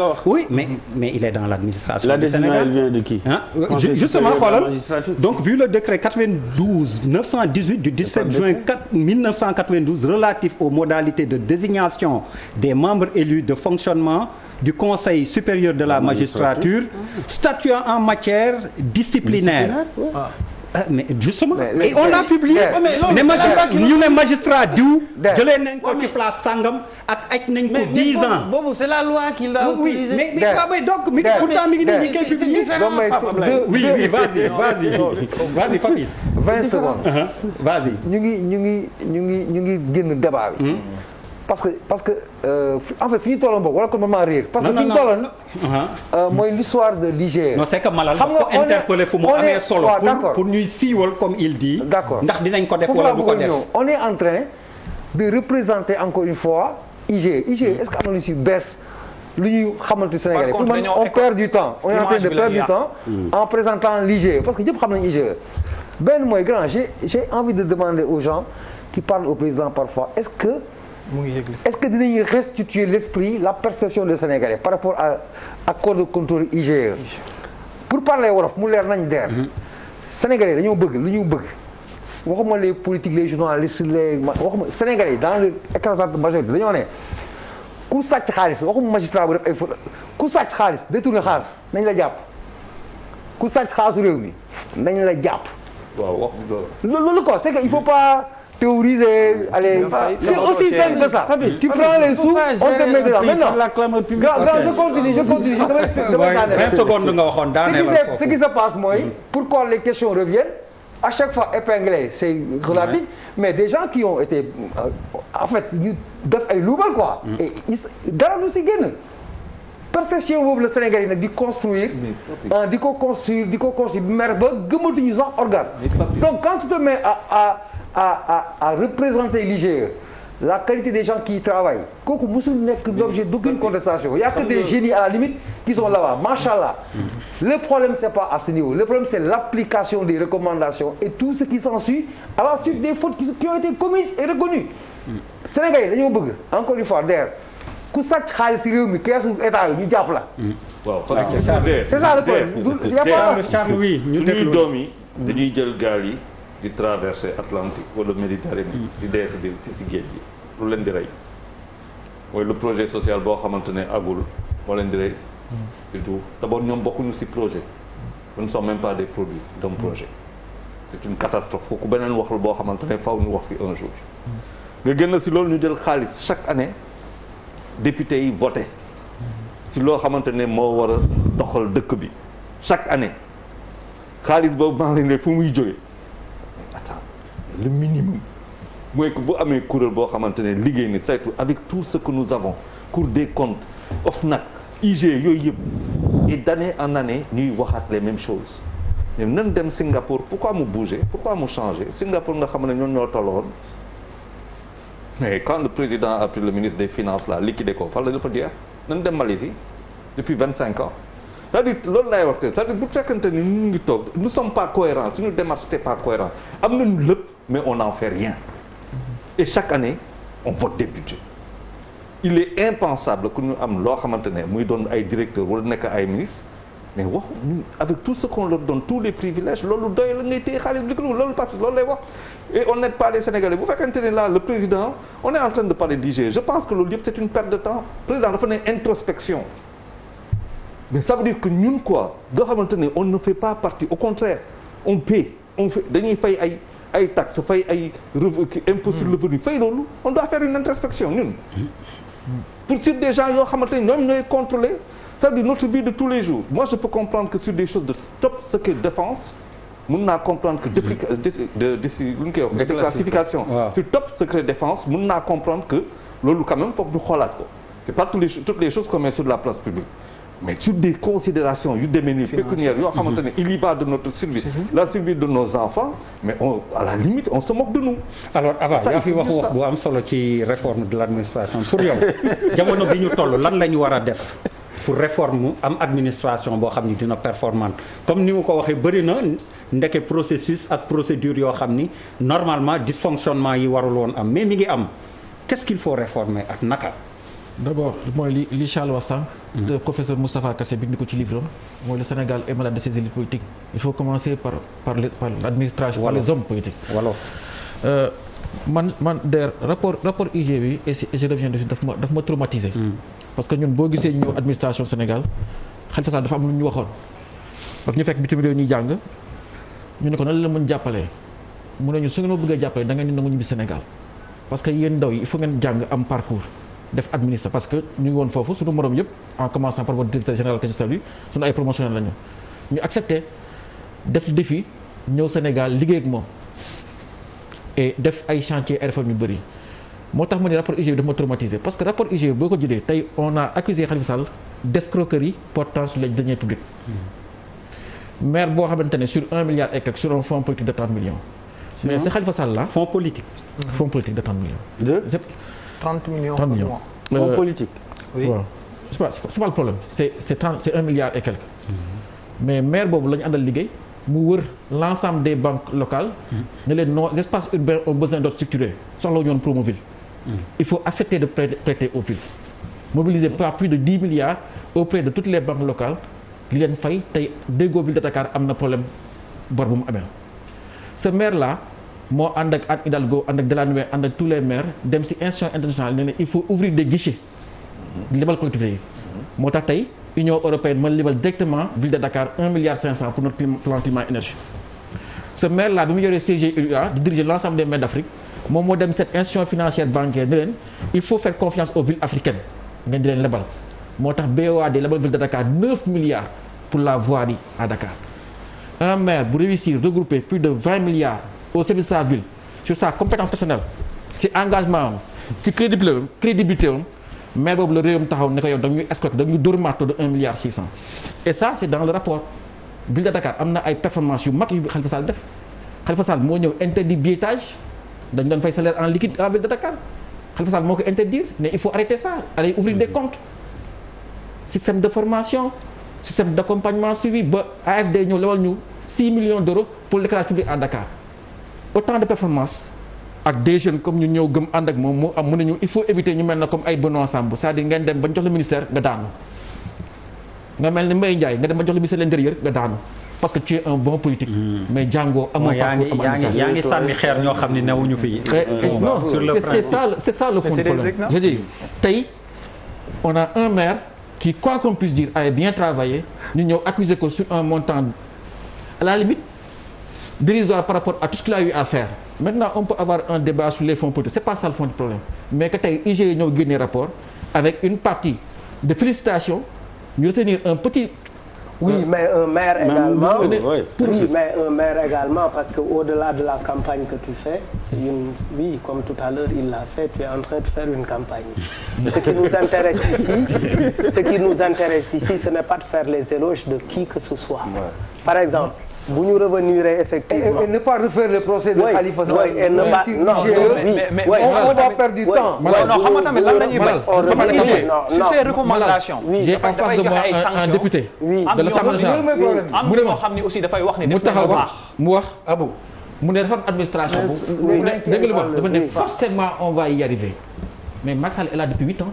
nga wax oui mais mais il est dans l'administration la décision elle vient de qui ah justement xoolal donc vu le décret 92 918 du 17 juin 1992 relatif aux modalités de désignation des membres élus de fonctionnement du Conseil supérieur de la magistrature statuant en matière disciplinaire ah mais justement. mais on l'a publié. mais ne magistrat diw. jëlee nañ ko ci place sangam ak aj nañ ko 10 ans. boobu c'est la loi qui l'a autorisé. mais mais ah, mais donc mi ngi pourtant mi ngi nii ñu koy publié. Papis. 20 secondes. Uh-huh. vas-y. ñu ngi ñu ngi ñu ngi ñu ngi génn débat parce que parce que euh, en fait fi ñu tolloon boog wala kon ma réer. parce que fi ñu tolloon. Uh-huh. Euh, mooy l'histoire de l'IGE. non c'est que Malal daf ko interpellé fu mu amee solo. pour pour ñuy siiwal comme il dit. d'accord ndax dinañ ko def wala du ko def on est en train de représenter encore une fois IGE. IGE mm. est-ce que am na lu si bees lu ñuy xamante Sénégalais. pour man on perd du temps. on est en train de perdre du temps. Mm. en présentant l'IGE parce que ñëpp xam nañu IGE. benn mooy grand j'ai j'ai envie de demander aux gens qui parlent au président parfois est-ce que. mu ngi yëgle est-ce que dinañu restituer l'esprit la perception des Sénégalais par rapport à accord de contrôle IGE. pour parler wolof mu leer nañ der mhm. Sénégalais dañoo bëgg lu ñu bëgg. waxuma les politiques les journalistes les waxuma Sénégalais dans l'écrasante majorité dañoo ne ku sàcc xaalis waxuma magistrat bu def ay faute ku sàcc xaalis détourné xaalis nañ la jàpp ku sàcc xaalisu réew mi nañ la jàpp. waaw wax loolu ko c'est que il faut pas. théoriser, aller. C'est aussi simple que ça. Tu sous, on te met dedans. Maintenant, je continue, je continue. Ce qui se passe, moi, pourquoi les questions reviennent à chaque fois épinglé, c'est relatif, ouais. mais des gens qui ont été en fait ñu def ay luubal quoi. et dara lu si génn. perception boobu la Sénégal yi nag di construire. di ko construire di ko construire mer ba gëmatuñu sax organe. donc quand tu te mets à à, à, représenter l'IGE, la qualité des gens qui y travaillent, kooku musul nekk l'objet d'aucune contestation. Il y a que des génies à la limite qui sont là-bas, machallah. Mm. Le problème c'est pas à ce niveau, le problème c'est l'application des recommandations et tout ce qui s'ensuit à la suite des fautes qui ont été commises et reconnues. Mm. Sénégal yi dañoo bëgg encore une fois der ku sàcc xaalis réew mi keesu état yi ñu jàpp la. Mm. waaw parce ah, que c'est ça le problème. y oui ñu déglu suñuy doom yi dañuy jël gaal yi. di traverser Atlantique wala Méditerranée mm. di dee si biir si géej gi lu leen di rey mooy le projet social boo xamante ne agul moo leen di rey mm. surtout d'abord ñoom bokkuñu si projet nous ne sommes même pas des produits d'un mm. projet c'est une catastrophe beneen wax boo xamante ne faw ñu wax fi un jour nga génn si loolu ñu jël xaalis chaque année député yi voté si loo xamante ne moo war doxal dëkk bi chaque année xaalis boobu maa ngi ne fu muy jógee le minimum mooy que bu amee kuréel boo xamante ne liggéey ni saytu avec tout ce que nous avons Cour des comptes OFNAC IG yooyu yëpp et d'année en année ñuy waxaat les mêmes choses mais nan dem Singapour pourquoi mu bouger pourquoi mu changer Singapour nga xam ne ñoom ñoo tolloon mais quand le président a le ministre des finances là liquidé ko fan la dafa jeex nan dem Malaisie depuis vingt cinq ans c'est-à-dire loolu laay wax te cest bu fekkante ni ñu ngi toog nous sommes pas cohérents suñu démarche n'était pas cohérent am nañu lépp mais on n'en fait rien. Et chaque année, on vote des budgets. Il est impensable que nous am loo xamante ne muy doon ay directeurs wala nekk ay ministres mais wax ñu avec tout ce qu'on leur donne tous les privilèges loolu doy la ngay téye xaalis bi loolu parti loolu lay wax et on n'aide pas les Sénégalais bu fekkente ne là le président on est en train de parler d'IGE je pense que loolu yëpp c'est une perte de temps le président dafa ne introspection mais ça veut dire que ñun quoi nga xamante ne on ne fait pas partie au contraire on paie on fait dañuy fay ay ay taxes fay ay impôt revenu fay loolu on doit faire une introspection ñun pour sur des gens yoo xamante ne ñoom ñooy contrôler c'est-à-dire notre vie de tous les jours moi je peux comprendre que sur des choses de top secret naa comprendre que de mm-hmm. lu top secret défense mun naa comprendre que loolu quand même foog ñu xoolaat ko c'est pas toutes sur la place publique mais sur des considérations yu demee nii pécuniaires yoo xamante ne il y va de notre survie la survie de nos enfants mais on à la limite on se moque de nous alors fi wax wax am solo ci réforme de l' administration pour yow jamono bi ñu toll lan la ñu war a def pour réforme am administration boo xam ni dina performante comme ni mu ko waxee bëri na ndeke processus ak procédure yoo xam ni normalement dysfonctionnement yi warul am mais mi ngi am qu'est-ce qu'il faut ak naka d'abord mooy li li Charles wax sànq. de mm-hmm. professeur Moustapha Kassé bind ko ci livre am mooy le Sénégal est malade de ses élites il faut commencer par par les par l'administration. par les hommes politiques. Euh, man man der rapport rapport IG bi et je reviens dessus daf ma daf ma traumatisé. Mm. parce que ñun boo gisee ñëw administration Sénégal Khalifa Sall dafa am lu ñu waxoon. parce ñu fekk bitim réew ñuy jàng ñu ne ko nan la mën jàppalee mu ne ñu su ngeen ma bëggee jàppalee da ngeen ñu nangu ñibbi Sénégal parce que yéen ndaw yi il ngeen jàng am parcours. def administre parce que ñu ngi woon foofu suñu morom yëpp en commençant par votre directeur général que je suñu ay promotionnel lañu ñu accepté def defi ñëw Sénégal liggéey ak moom def ay chantier ay yu bëri moo tax ma ne rapport IGE bi dafa ma traumatisé parce que rapport IGE boo ko jëlee tey on a accusé Khalifa Sall d'escroquerie portant sur les deniers publics mm-hmm. maire boo xamante ne sur un milliard et quelque sur un fonds politique de 30 millions. 30 millions par mois. fonds euh, politique. oui waaw c'est pas c'est pas le problème c'est c'est 30 c'est 1 milliard et quelques. Mm-hmm. mais maire boobu la ñu àndal liggéey. mu wër l'ensemble des banques locales. Mm-hmm. ne leen nos espaces urbains ont besoin d'être structurés soxla ñoon Promoville. Mm-hmm. il faut accepter de prêter aux villes. mobiliser par plus de 10 milliards auprès de toutes les banques locales li leen fay tey déggoo ville de Dakar am na problème bor bu mu amee ce maire là. moo ànd ak Anne Hidalgo ànd ak Delannoy ànd ak tous les maires dem si institution internationale ne ne il faut ouvrir des guichets libal collectivités yi moo tax tey Union européenne mën libal directement ville de Dakar 1 milliard 500 pour notre plan climat énergie ce maire là bi mu yoree CGUA di diriger l' ensemble moom moo dem cette institution financière bancaire ne leen il faut faire confiance aux villes africaines ngeen di leen lebal moo tax BOAD lebal ville de Dakar 9 milliards pour la voirie à Dakar un maire bu réussir regrouper de 20 milliards au service de sa ville sur sa compétence personnelle ci engagement am ci crédibilité am crédibilité am maire boobu la réewam taxaw ne ko yow da ñuy escroquer da ñuy dóor marteau un milliard six cent et ça c' dans le rapport ville de Dakar am na ay performances yu mag yu Khalifa Sall def Khalifa Sall moo ñëw interdit biétage dañ doon fay salaire en liquide en ville de Dakar Khalifa Sall moo ko interdire ne il faut arrêter ça aller ouvrir de formation d' accompagnement suivi ba AFD ñëw lewal ñu 6 millions d' euros pour l'éclairage public à autant de performance ak des jeunes comme ñu ñëw gëm ànd ak moom mu am mën nañu il faut éviter ñu mel ne comme ay Benoît Sambou cest dire ngeen dem bañ jox la ministère nga daanu nga mel ni Mbaye Ndiaye nga dem bañ jox la ministère de l'intérieur nga daanu parce que tu es un bon politique. Mm. mais jàngoo amoo parcours yaa ngi yaa ngi ñoo xam ne newuñu fi. Eh, eh, non c'est ça c'est ça le fond du problème je dis tey on a un maire qui quoi qu'on puisse dire a bien travaillé ñu ñëw accuser ko sur un montant à la limite. dérisoire par rapport à tout ce qu'il a eu à faire maintenant on peut avoir un débat sur les fonds politiques c'est pas le fond du problème mais que tey IGE ñoo génnee rapport avec une partie de félicitations ñu retenir un petit oui euh, mais un maire également mais un maire également parce que au-delà de la campagne que tu fais une comme tout à l'heure il l'a fait tu es en train de faire une campagne ce qui nous intéresse ici ce qui nous intéresse ici ce n'est pas de faire les éloges de qui que ce soit exemple bu ñu revenir effectivement. Et, et, et ne pas refaire le procès de Khalifa Sall. oui oui ne pas non oui mais on va perdre du temps. non xam nga tamit lan la ñuy bañ. sur ces recommandations. j'ai en face de moi un député. de l'Assemblée nationale am na ñoo xam ne aussi dafay wax ne mu taxaw wax mu wax. abo mu ne dafa am administration. bu ne dégg nga dafa ne forcément on va y arriver mais Macky Sall est là depuis huit ans.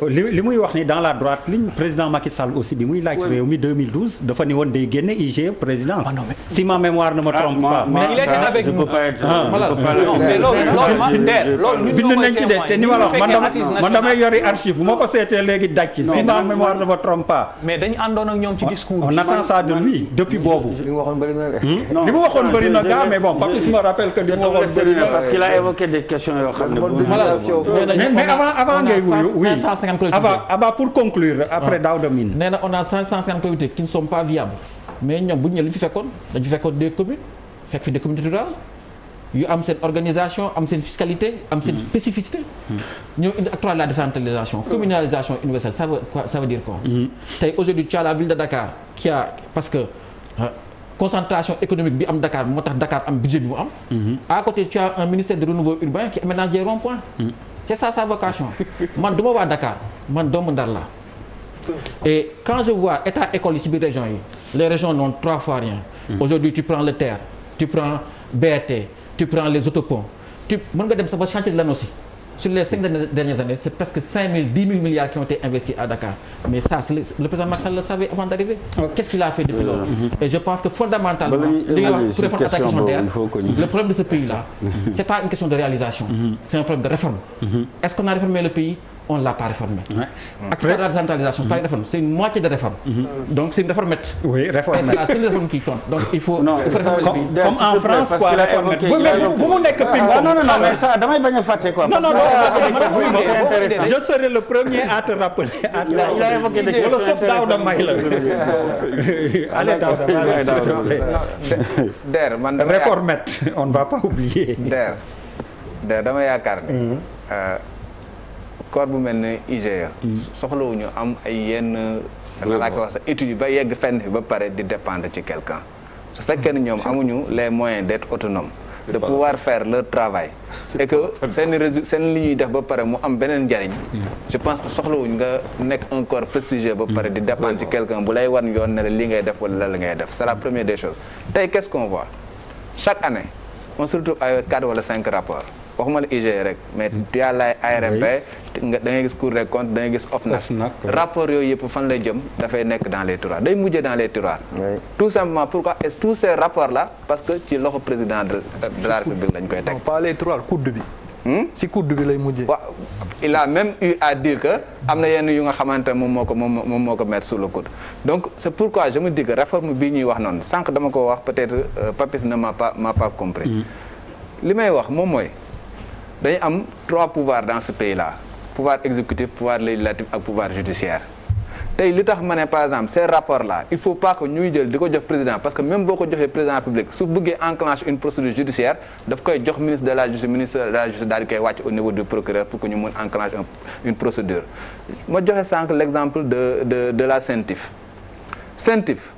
li li muy wax ni dans la droite ligne président Macky Sall aussi bi muy laaj réew mi 2012 dafa ni woon day génne IGE présidence. Ah, si ma mémoire ne me trompe ah, pas. mais il ah. nañ ci de te ni ma la damay yori archive bu ma ko seetee léegi daj ci. si ma mémoire ne me trompe pas. mais dañu àndoon ak ñoom ci discours. on attend de lui depuis boobu. li mu waxoon bëri na de. Hmm? li mu waxoon bëri na gaa mais bon Papis me rappelle que li mu waxoon bëri parce qu'il a évoqué des questions yoo xam ne. mais 150 collectivités. Abba Abba pour conclure après Daouda Mine. nee na on a 550 collectivités qui ne sont pas viables mais ñoom bu ñu ne li fi fekkoon dañu fi fekkoon des communes fekk fi des communautés rurales yu am seen organisation am seen fiscalité am seen hmm. spécificité. Hmm. ñoo indi de la décentralisation hmm. communalisation universelle ça veut quoi ça veut dire quoi. tey aujourd'hui tu as la ville de Dakar qui a parce que. Euh, concentration économique bi am Dakar moo tax Dakar am budget bi mu am. à côté tu c'est ça sa vocation man du ma waa Dakar man doomu Ndar la et quand je vois état école yi ci biir région yi les régions n'ont trois fois rien hmm. aujourd'hui tu prends le TER tu prends BRT tu prends les autoponts tu mën nga dem sax ba chantier de l'ANOCI sur les cinq dernières années c'est presque milliards qui ont été investis à Dakar mais ça c'est le président Macky Sall savait d'arriver qu'est-ce qu'il a fait depuis loolu et je pense que fondamentalement le problème de ce pays là c'est pas une question de réalisation mm-hmm. c'est un problème de réforme mm-hmm. est-ce qu'on a réformé le pays on ne l'a pas réformé. Ouais. Acte de la décentralisation, pas une réforme, c'est une moitié de réforme. Mm-hmm. Donc c'est une réformette. Oui, réforme. C'est la seule réforme qui compte. Donc il faut, non, il faut réformer comme, le pays. Comme en France, quoi, réformette. Oui, mais vous, vous n'êtes que ah, ping-pong. Non, non, non, ah, mais ça, demain, il va fâter, quoi. Non, non, non, c'est intéressant. Je serai le premier à te rappeler. À te il a évoqué des questions Allez, Der, man réformette, on ne va pas oublier. Der, Der dama yaakaar ne mm-hmm. euh, corps bu mel ne IGE. Hmm. soxlawuñu am ay yenn. laa ko wax sax études yi ba yegg fenn fi ba pare di dépendre ci quelqu'un su fekkee ne ñoom amuñu les moyens d'être autonome de pouvoir faire leur travail et que seen résultat seen li ñuy def ba pare mu am beneen njariñ hmm. je pense que soxlawuñ nga nekk un corps prestigieux ba hmm. pare di dépendre ci quelqu'un bu lay wan yoon ne la li ngay def wala la ngay def c'est la première des choses tey que ce qu'on voit chaque année on wala cinq rapports waxuma la IG rek mais yàllaay ARMP da ngay gis Cour des comptes gis ngay gis OFNAC rapport yooyu yëpp fan lay jëm dafay nekk dans les tiroirs day mujjee dans les tiroirs tout simplement pourquoi est-ce tous ces rapports là parce que ci loxo président de euh, la République lañ koy teg pas les tiroirs kudd bi hmm? si kudd bi lay mujjee waaw il même eu à dire que am na yenn yu nga xamante ne moom moo ko moom moom moo ko mettre sous le coude donc c'est pourquoi je me dis que réforme bii ñuy wax noonu sànq dama ko wax peut-être euh, Papis ne m'a pas m'a pas compris hmm. li may wax moom mooy dañu am trois pouvoirs dans ce pays là pouvoir exécutif pouvoir législatif ak pouvoir judiciaire tey li tax ma ne par exemple ces rapports là il faut pas que ñuy jël di ko jox président parce que même boo ko joxee président public su bëggee enclenche une procédure judiciaire daf koy jox ministre de la justice ministre de la justice daal di koy wàcc au niveau du procureur pour que ñu mën enclenche une procédure ma joxe sànq l' exemple de de de la CENTIF CENTIF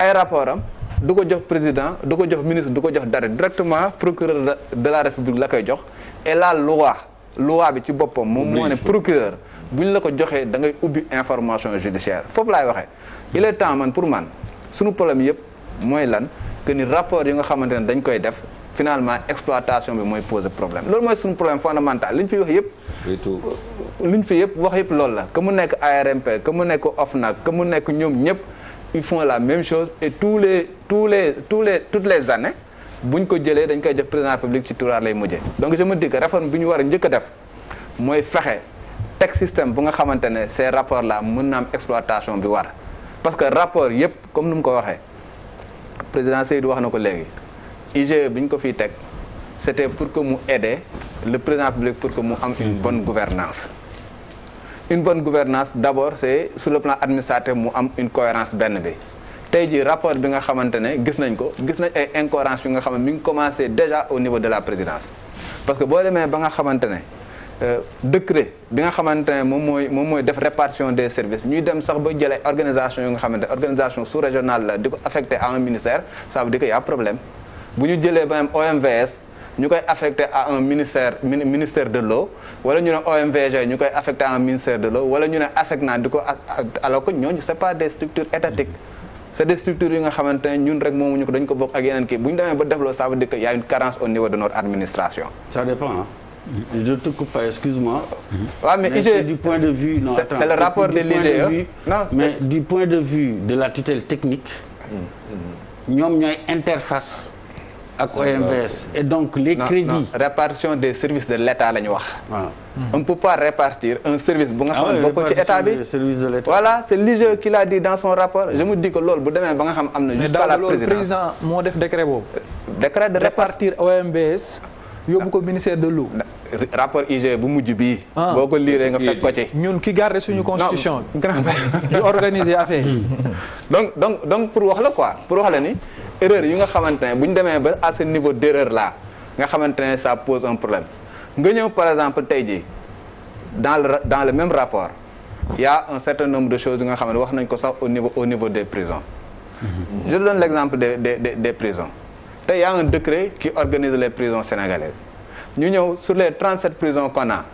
ay rapport am du ko jox président du ko jox ministre du ko jox dara directement procureur de la république la koy jox et la loi loi bi ci boppam moom moo ne procureur bu ñu la ko joxee da ngay ubbi information judiciaire foofu laay waxee il est temps man pour man suñu problème yëpp mooy lan que ni rapport yi nga xamante ne dañ koy def finalement exploitation bi mooy poser problème loolu mooy suñu problème fondamental li ñu fi wax yëpp li ñu fi yëpp wax yëpp loolu la que mu nekk ARMP que mu nekk OFNAC que mu nekk ñoom ñëpp il faut la même chose et tous les tous les tous les toutes les années buñ ko jëlee dañ koy def président république ci turaar lay mujjee. donc je me dis que réforme bi ñu war a njëkk a def mooy fexe teg système bu nga xamante ne rapport rapports là mën na am exploitation bi war parce que rapport yëpp comme nu mu ko waxee président Seydou wax na ko léegi IGE bi ñu ko fi teg c' était pour que mu aider le président public pour que mu am une bonne gouvernance une bonne gouvernance d' abord c' est sur le plan administratif mu am une cohérence benn bi tey jii rapport bi nga xamante ne gis nañ ko gis nañ ay incohérence yu nga xam ne mi ngi commencé déjà au niveau de la présidence parce que boo demee ba nga xamante ne euh, décret bi nga xamante ne moom mooy moom mooy def répartition des services ñuy dem sax ba jëlee organisation yu nga xamante ne organisation sous régionale la di ko affecté à un ministère ça di dire que a problème bu ñu jëlee ba même OMVS ñu koy affecté à un ministère ministère de l'eau wala ñu ne OMVG ñu koy affecté à un ministère de l'eau wala ñu ne ASECNA di ko alors que ñooñu c'est des structures étatiques c'est des structures yu nga xamante ne ñun rek moomuñu ko dañ ko bokk ak yeneen kii bu ñu demee ba def loolu ça veut dire que y a une carence au niveau de notre administration. ça dépend hein? du point de vue non c'est le rapport de l'IGE non mais du point de vue de la tutelle technique. Mm, mm. ñoom ñooy interface. ak OMVS et donc les crédits répartition des services de l'État la ñu wax on ne peut pas répartir un service bu nga ah xam ne bokkul ci état bi voilà c'est l'IGE qui l'a dit dans son rapport je me dis que loolu bu demee ba nga xam am na jusqu'à la présidence président moo def décret boobu euh, décret répartir OMVS yóbbu ko ministère de l'eau rapport IG bu mujj bi ah. boo ko liiree nga fekk ko ci. ñun ki garder suñu constitution. grand di organiser affaire donc donc donc pour wax la quoi pour wax erreur yu nga xamante ne bu ñu demee ba à ce niveau d' erreur nga xamante ne ça pose un problème nga ñëw par exemple tey jii dans le dans le même rapport ya un certain nombre de choses yu nga xam ne wax nañ ko sax au niveau au niveau des prisons. Mm-hmm. je donne l' exemple des des des, des prisons tey y' a un décret qui organise les prisons sénégalaises ñu ñëw sur les 37 prisons qu'on a.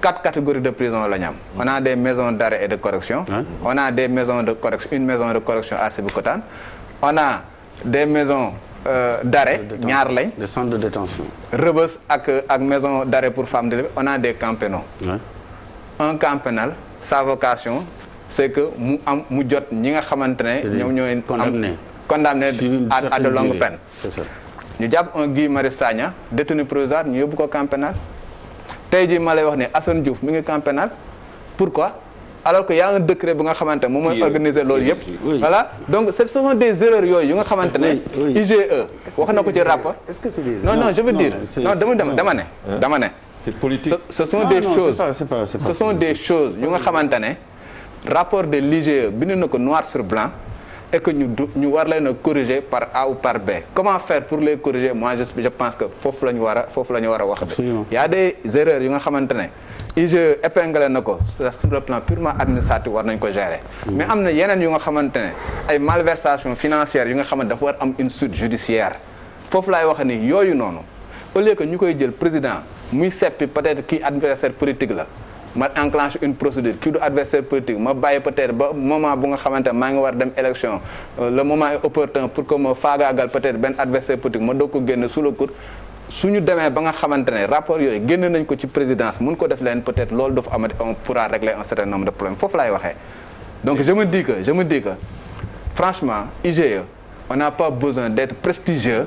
quatre catégories de prison la ñu am on a des maisons d'arrêt et de correction on a des de une maison de correction à Sébikotane on a des maisons euh, d'arrêt ñaar lañ. des centres de détention. Rebeuss ak ak maison d'arrêt pour femmes de on a des camps pénaux. un camp pénal sa vocation c'est que mu am mu jot ñi nga xamante ne. ñoom ñooy condamné condamné à de longue peine. c'est ça. ñu jàpp un Guy Marius Sagna détenu provisoire ñu yóbbu ko camp tey jii ma lay wax ne Assane Diouf mi ngi camp pourquoi. alors que y a un bu nga xamante moom mooy organiser loolu yëpp voilà donc ce sont des erreurs yooyu yu nga xamante ne IGE wax na ko ci rapport non non je veux dire non dama dama dama ne dama ce sont des choses des choses yu nga xamante ne rapport de l'IGE bind na ko noir sur blanc et que ñu war leen a corriger par A ou par B comment faire pour les corriger moi je pense que foofu la ñu war a foofu la ñu war a wax de y a yu nga xamante ne IGE épinglé na ko sur le plan purement administratif war nañ ko gérer. mais am na yeneen yu nga xamante ne ay malversation financière yu nga xamante dafa war am une suite judiciaire foofu laay wax ni yooyu noonu au lieu que ñu koy jël président muy seppi peut-être kii adversaire politique la. ma enclenché une procédure kii du adversaire politique ma bàyyi peut-être ba moment bu nga xamante maa ngi war dem élection euh, le moment est opportun pour que ma faagaagal peut-être benn adversaire politique ma doog ko génne sous suñu demee ba nga xamante ne rapport yooyu génn nañ ko ci présidence mun ko def leen peut-être loolu dafa amati on pourra régler un certain nombre de problèmes foofu laay waxee donc je me dis que je me dis que franchement IGE on n'a pas besoin d'être prestigieux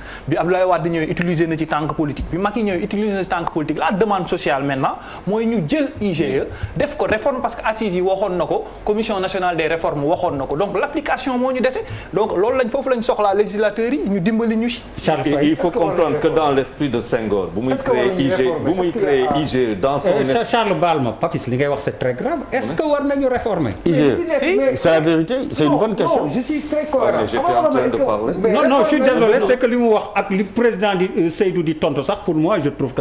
bi Abdoulaye Wade ñëwee utiliser na ci tànk politique bi Macky ñëwee utiliser na ci tànk politique la demande sociale maintenant mooy ñu jël IGE def ko réforme parce que assises yi waxoon na ko commission nationale des réformes waxoon na ko donc l' moo ñu dese donc loolu lañ foofu lañ soxlaa législateurs yi ñu dimbali ñu si. il faut comprendre que dans l' de Senghor. bu muy créer ah. IGE dans son. Euh, Charles Balma Papis li ngay wax c' très grave wax ak li président di euh, Seydou di tontu sax pour moi je trouve que